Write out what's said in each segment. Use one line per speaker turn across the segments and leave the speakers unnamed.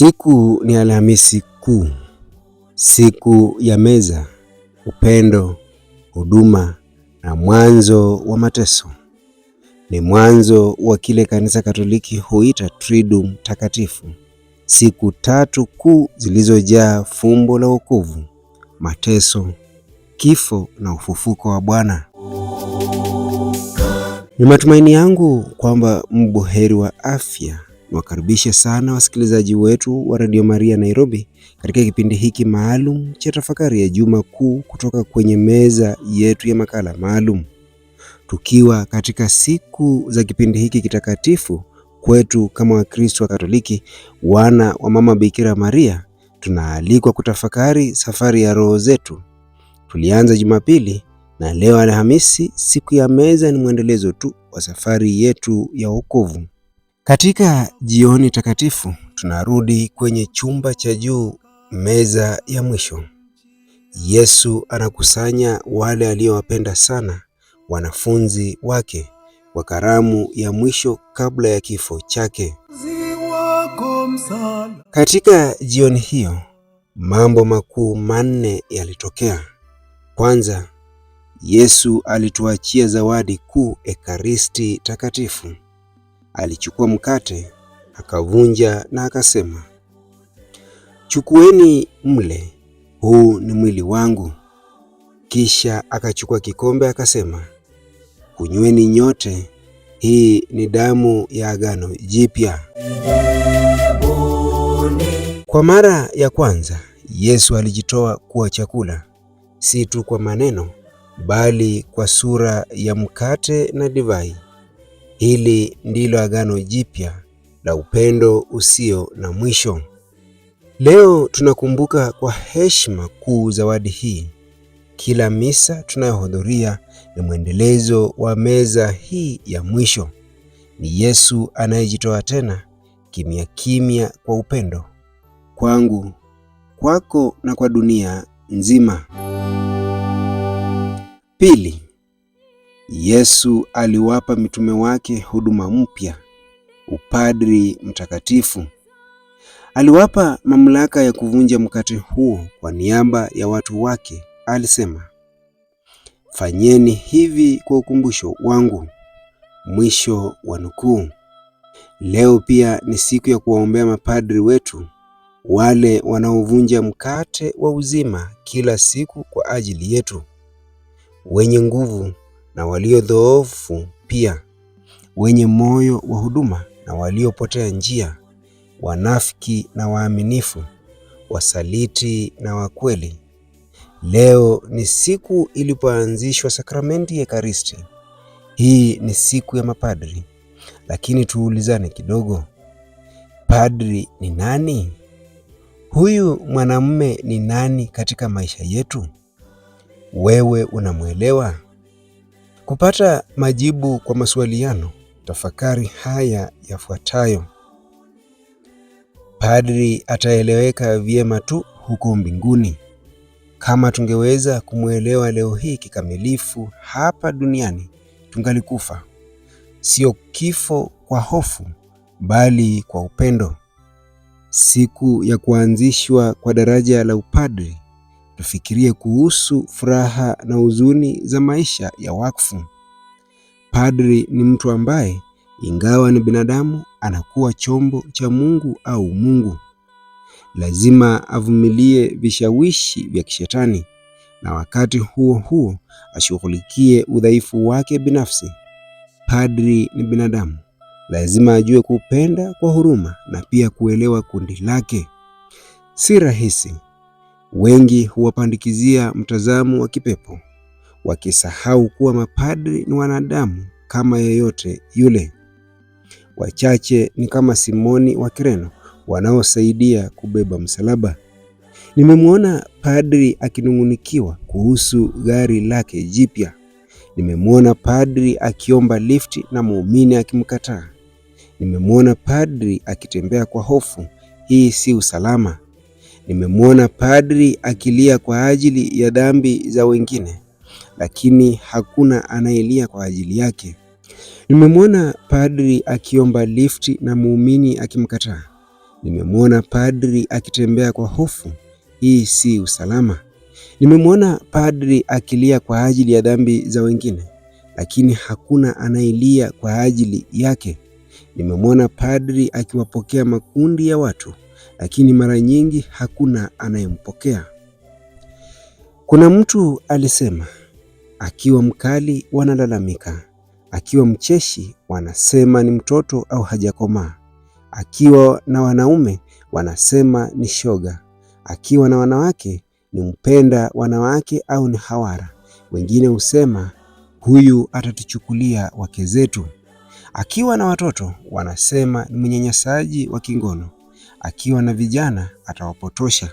Siku ni Alhamisi Kuu, siku ya meza, upendo, huduma na mwanzo wa mateso. Ni mwanzo wa kile Kanisa Katoliki huita Triduum Takatifu, siku tatu kuu zilizojaa fumbo la wokovu, mateso, kifo na ufufuko wa Bwana. Ni matumaini yangu kwamba mboheri wa afya Niwakaribishe sana wasikilizaji wetu wa Radio Maria Nairobi katika kipindi hiki maalum cha tafakari ya Juma Kuu kutoka kwenye meza yetu ya makala maalum, tukiwa katika siku za kipindi hiki kitakatifu kwetu kama Wakristo wa Katoliki, wana wa Mama Bikira Maria. Tunaalikwa kutafakari safari ya roho zetu. Tulianza Jumapili na leo Alhamisi, siku ya meza ni mwendelezo tu wa safari yetu ya wokovu. Katika jioni takatifu, tunarudi kwenye chumba cha juu, meza ya mwisho. Yesu anakusanya wale aliyowapenda sana, wanafunzi wake, kwa karamu ya mwisho kabla ya kifo chake. Katika jioni hiyo, mambo makuu manne yalitokea. Kwanza, Yesu alituachia zawadi kuu, Ekaristi Takatifu alichukua mkate akavunja na akasema, chukueni mle, huu ni mwili wangu. Kisha akachukua kikombe akasema, kunyweni nyote, hii ni damu ya agano jipya. Kwa mara ya kwanza Yesu alijitoa kuwa chakula, si tu kwa maneno, bali kwa sura ya mkate na divai. Hili ndilo agano jipya la upendo usio na mwisho. Leo tunakumbuka kwa heshima kuu zawadi hii. Kila misa tunayohudhuria ni mwendelezo wa meza hii ya mwisho. Ni Yesu anayejitoa tena kimya kimya, kwa upendo kwangu, kwako na kwa dunia nzima. Pili, Yesu aliwapa mitume wake huduma mpya, upadri mtakatifu. Aliwapa mamlaka ya kuvunja mkate huo kwa niaba ya watu wake. Alisema, fanyeni hivi kwa ukumbusho wangu. Mwisho wa nukuu. Leo pia ni siku ya kuwaombea mapadri wetu, wale wanaovunja mkate wa uzima kila siku kwa ajili yetu, wenye nguvu na walio dhoofu pia, wenye moyo wa huduma na waliopotea njia, wanafiki na waaminifu, wasaliti na wakweli. Leo ni siku ilipoanzishwa sakramenti ya Ekaristi. Hii ni siku ya mapadri, lakini tuulizane kidogo, padri ni nani? Huyu mwanamume ni nani katika maisha yetu? Wewe unamwelewa? Kupata majibu kwa maswaliano, tafakari haya yafuatayo. Padri ataeleweka vyema tu huko mbinguni. Kama tungeweza kumwelewa leo hii kikamilifu hapa duniani, tungalikufa. Sio kifo kwa hofu, bali kwa upendo. Siku ya kuanzishwa kwa daraja la upadri tufikirie kuhusu furaha na huzuni za maisha ya wakfu. Padri ni mtu ambaye ingawa ni binadamu, anakuwa chombo cha Mungu au Mungu. Lazima avumilie vishawishi vya kishetani na wakati huo huo ashughulikie udhaifu wake binafsi. Padri ni binadamu, lazima ajue kupenda kwa huruma na pia kuelewa kundi lake. Si rahisi, wengi huwapandikizia mtazamo wa kipepo wakisahau kuwa mapadri ni wanadamu kama yeyote yule. Wachache ni kama Simoni wa Kireno wanaosaidia kubeba msalaba. Nimemwona padri akinung'unikiwa kuhusu gari lake jipya. Nimemwona padri akiomba lifti na muumini akimkataa. Nimemwona padri akitembea kwa hofu. Hii si usalama. Nimemwona padri akilia kwa ajili ya dhambi za wengine, lakini hakuna anayelia kwa ajili yake. Nimemwona padri akiomba lifti na muumini akimkataa. Nimemwona padri akitembea kwa hofu. Hii si usalama. Nimemwona padri akilia kwa ajili ya dhambi za wengine, lakini hakuna anayelia kwa ajili yake. Nimemwona padri akiwapokea makundi ya watu lakini mara nyingi hakuna anayempokea. Kuna mtu alisema, akiwa mkali wanalalamika, akiwa mcheshi wanasema ni mtoto au hajakomaa, akiwa na wanaume wanasema ni shoga, akiwa na wanawake ni mpenda wanawake au ni hawara. Wengine husema huyu atatuchukulia wake zetu. Akiwa na watoto wanasema ni mnyanyasaji wa kingono akiwa na vijana atawapotosha,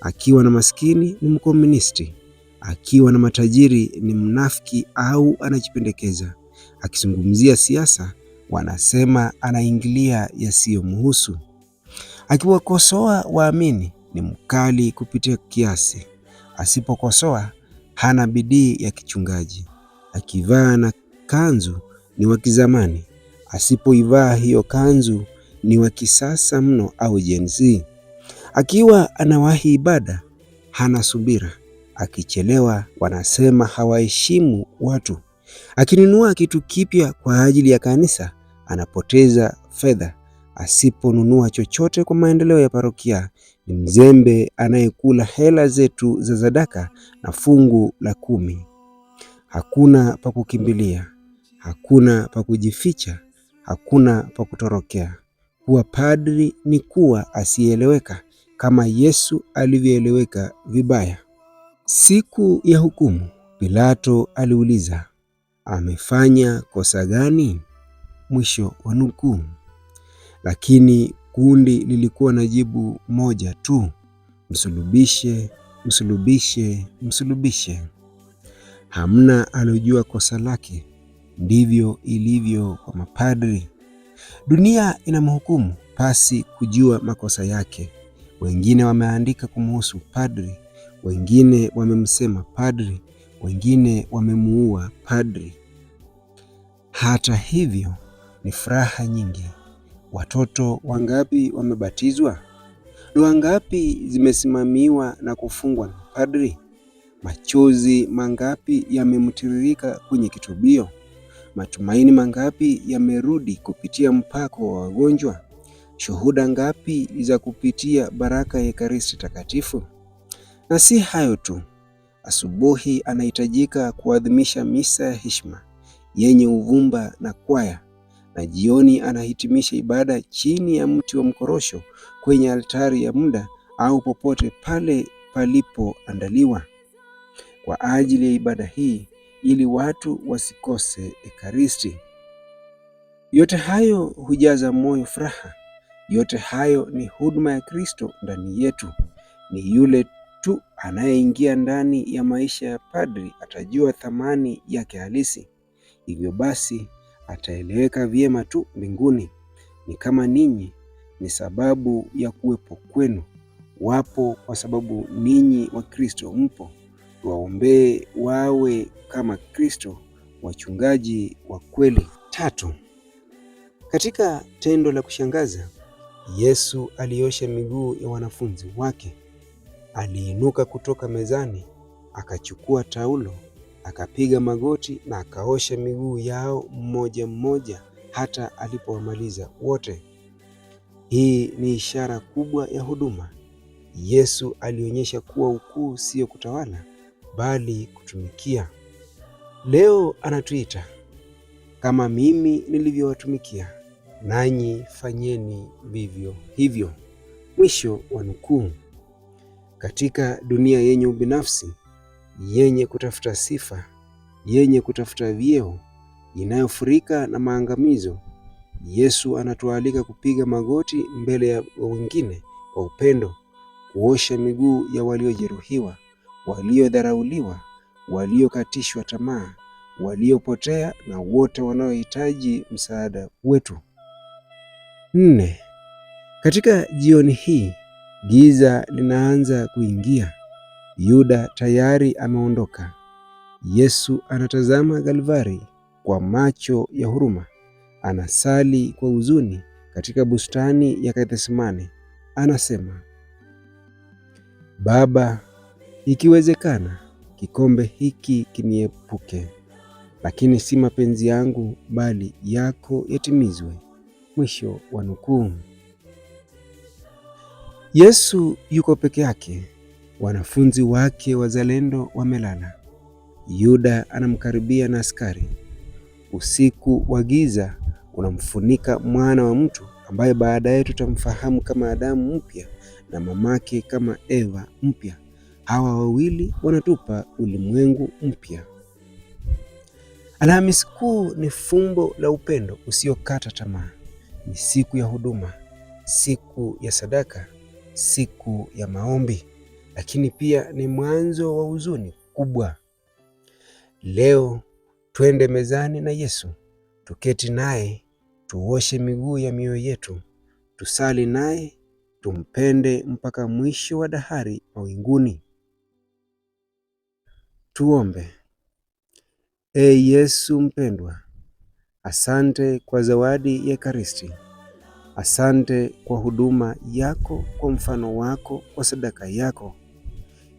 akiwa na maskini ni mkomunisti, akiwa na matajiri ni mnafiki au anajipendekeza. Akizungumzia siasa wanasema anaingilia yasiyomhusu. Akiwakosoa waamini ni mkali kupitia kiasi, asipokosoa hana bidii ya kichungaji. Akivaa na kanzu ni wa kizamani, asipoivaa hiyo kanzu ni wa kisasa mno au Gen Z. Akiwa anawahi ibada hana subira, akichelewa wanasema hawaheshimu watu. Akinunua kitu kipya kwa ajili ya kanisa anapoteza fedha, asiponunua chochote kwa maendeleo ya parokia ni mzembe anayekula hela zetu za sadaka na fungu la kumi. Hakuna pa kukimbilia, hakuna pa kujificha, hakuna pa kutorokea kuwa padri ni kuwa asiyeeleweka kama Yesu alivyoeleweka vibaya. Siku ya hukumu, Pilato aliuliza, amefanya kosa gani? Mwisho wa nukuu. Lakini kundi lilikuwa na jibu moja tu, msulubishe, msulubishe, msulubishe. Hamna aliojua kosa lake. Ndivyo ilivyo kwa mapadri. Dunia inamhukumu pasi kujua makosa yake. Wengine wameandika kumhusu padri, wengine wamemsema padri, wengine wamemuua padri. Hata hivyo, ni furaha nyingi. Watoto wangapi wamebatizwa? Ndoa ngapi zimesimamiwa na kufungwa na padri? Machozi mangapi yamemtiririka kwenye kitubio? Matumaini mangapi yamerudi kupitia mpako wa wagonjwa? Shuhuda ngapi za kupitia baraka ya Ekaristi Takatifu? Na si hayo tu, asubuhi anahitajika kuadhimisha misa ya heshima yenye uvumba na kwaya, na jioni anahitimisha ibada chini ya mti wa mkorosho kwenye altari ya muda au popote pale palipoandaliwa kwa ajili ya ibada hii ili watu wasikose Ekaristi. Yote hayo hujaza moyo furaha. Yote hayo ni huduma ya Kristo ndani yetu. Ni yule tu anayeingia ndani ya maisha ya padri atajua thamani yake halisi. Hivyo basi ataeleweka vyema tu mbinguni. Ni kama ninyi ni sababu ya kuwepo kwenu, wapo kwa sababu ninyi wa Kristo mpo tuwaombee wawe kama Kristo, wachungaji wa kweli. Tatu, katika tendo la kushangaza Yesu aliosha miguu ya wanafunzi wake. Aliinuka kutoka mezani, akachukua taulo, akapiga magoti na akaosha miguu yao mmoja mmoja hata alipowamaliza wote. Hii ni ishara kubwa ya huduma. Yesu alionyesha kuwa ukuu sio kutawala, bali kutumikia. Leo anatuita kama mimi nilivyowatumikia, nanyi fanyeni vivyo hivyo. Mwisho wa nukuu. Katika dunia yenye ubinafsi, yenye kutafuta sifa, yenye kutafuta vyeo, inayofurika na maangamizo, Yesu anatualika kupiga magoti mbele ya wengine kwa upendo, kuosha miguu ya waliojeruhiwa waliodharauliwa, waliokatishwa tamaa, waliopotea na wote wanaohitaji msaada wetu. Nne, katika jioni hii giza linaanza kuingia. Yuda tayari ameondoka. Yesu anatazama Galvari kwa macho ya huruma. Anasali kwa huzuni katika bustani ya Gethsemane. Anasema, Baba, Ikiwezekana kikombe hiki kiniepuke, lakini si mapenzi yangu bali yako yatimizwe. Mwisho wa nukuu. Yesu yuko peke yake, wanafunzi wake wazalendo wamelala. Yuda anamkaribia na askari. Usiku wa giza unamfunika mwana wa mtu ambaye baadaye tutamfahamu kama Adamu mpya na mamake kama Eva mpya. Hawa wawili wanatupa ulimwengu mpya. Alhamisi Kuu ni fumbo la upendo usiokata tamaa. Ni siku ya huduma, siku ya sadaka, siku ya maombi, lakini pia ni mwanzo wa huzuni kubwa. Leo twende mezani na Yesu, tuketi naye, tuoshe miguu ya mioyo yetu, tusali naye, tumpende mpaka mwisho wa dahari mawinguni. Tuombe. e Yesu mpendwa, asante kwa zawadi ya Ekaristi. Asante kwa huduma yako, kwa mfano wako, kwa sadaka yako.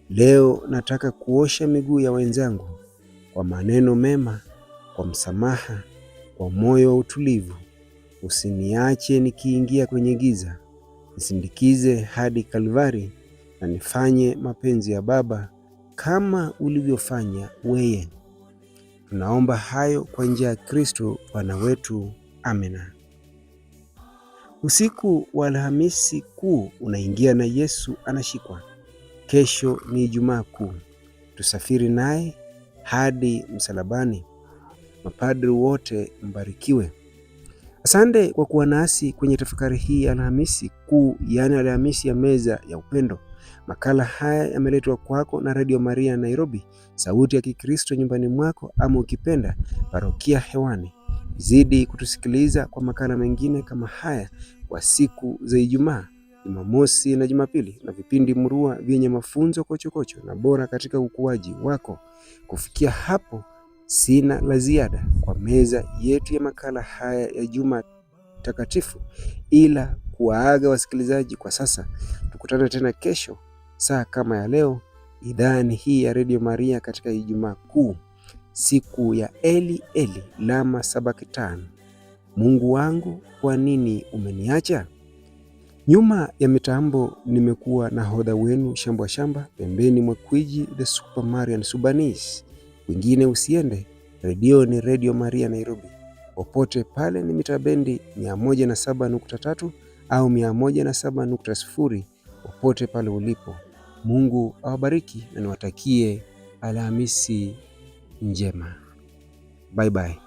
Leo nataka kuosha miguu ya wenzangu kwa maneno mema, kwa msamaha, kwa moyo wa utulivu. Usiniache nikiingia kwenye giza, nisindikize hadi Kalvari na nifanye mapenzi ya Baba kama ulivyofanya weye Tunaomba hayo kwa njia ya Kristo Bwana wetu, amina. Usiku wa Alhamisi Kuu unaingia na Yesu anashikwa. Kesho ni Ijumaa Kuu, tusafiri naye hadi msalabani. Mapadri wote mbarikiwe. Asante kwa kuwa nasi kwenye tafakari hii ya Alhamisi Kuu, yaani Alhamisi ya meza ya upendo. Makala haya yameletwa kwako na Radio Maria Nairobi, sauti ya Kikristo nyumbani mwako, ama ukipenda parokia hewani. Zidi kutusikiliza kwa makala mengine kama haya kwa siku za Ijumaa, Jumamosi na Jumapili, na vipindi murua vyenye mafunzo kochokocho na bora katika ukuaji wako. Kufikia hapo, sina la ziada kwa meza yetu ya makala haya ya Juma Takatifu ila kuwaaga wasikilizaji kwa sasa. Tukutane tena kesho saa kama ya leo, idhaani hii ya Radio Maria katika Ijumaa Kuu, siku ya Eli Eli lama sabakitan. Mungu wangu kwa nini umeniacha? Nyuma ya mitambo nimekuwa na hodha wenu Shambwa Shamba, pembeni mwa kwiji the Super Marian Subanese. Wengine usiende, redio ni Redio Maria Nairobi. Popote pale ni mitabendi 107.3 au 107.0 popote pale ulipo. Mungu awabariki na niwatakie Alhamisi njema. Bye bye.